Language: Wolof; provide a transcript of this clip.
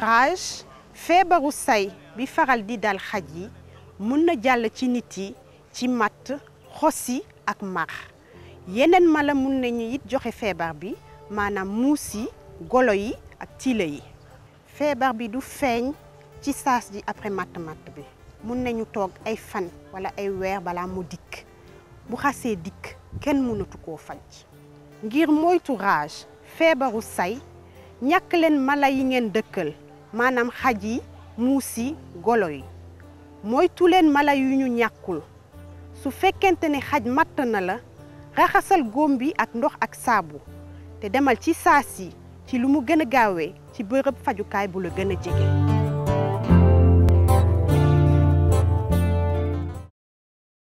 rage feebaru say bi faral di dal xaj yi mun na jàll ci nit yi ci matt yi ak mar yeneen mala mun nañu it joxe feebar bi maanaam muus yi golo yi ak tiila yi feebar bi du feeñ ci saas ji après matt matt bi mun nañu toog ay fan wala ay weer bala mu dikk bu xasee dikk kenn mënatu koo faj ngir moytu rage feebaru say ñàkk leen mala yi ngeen dëkkal maanaam xaj yi muus yi golo yi moytu mala yu ñu ñàkkul su fekkente ne xaj matt na la raxasal góom bi ak ndox ak saabu te demal ci saa si ci lu mu gën a gaawee ci bërëb fajukaay bu la gën a jege.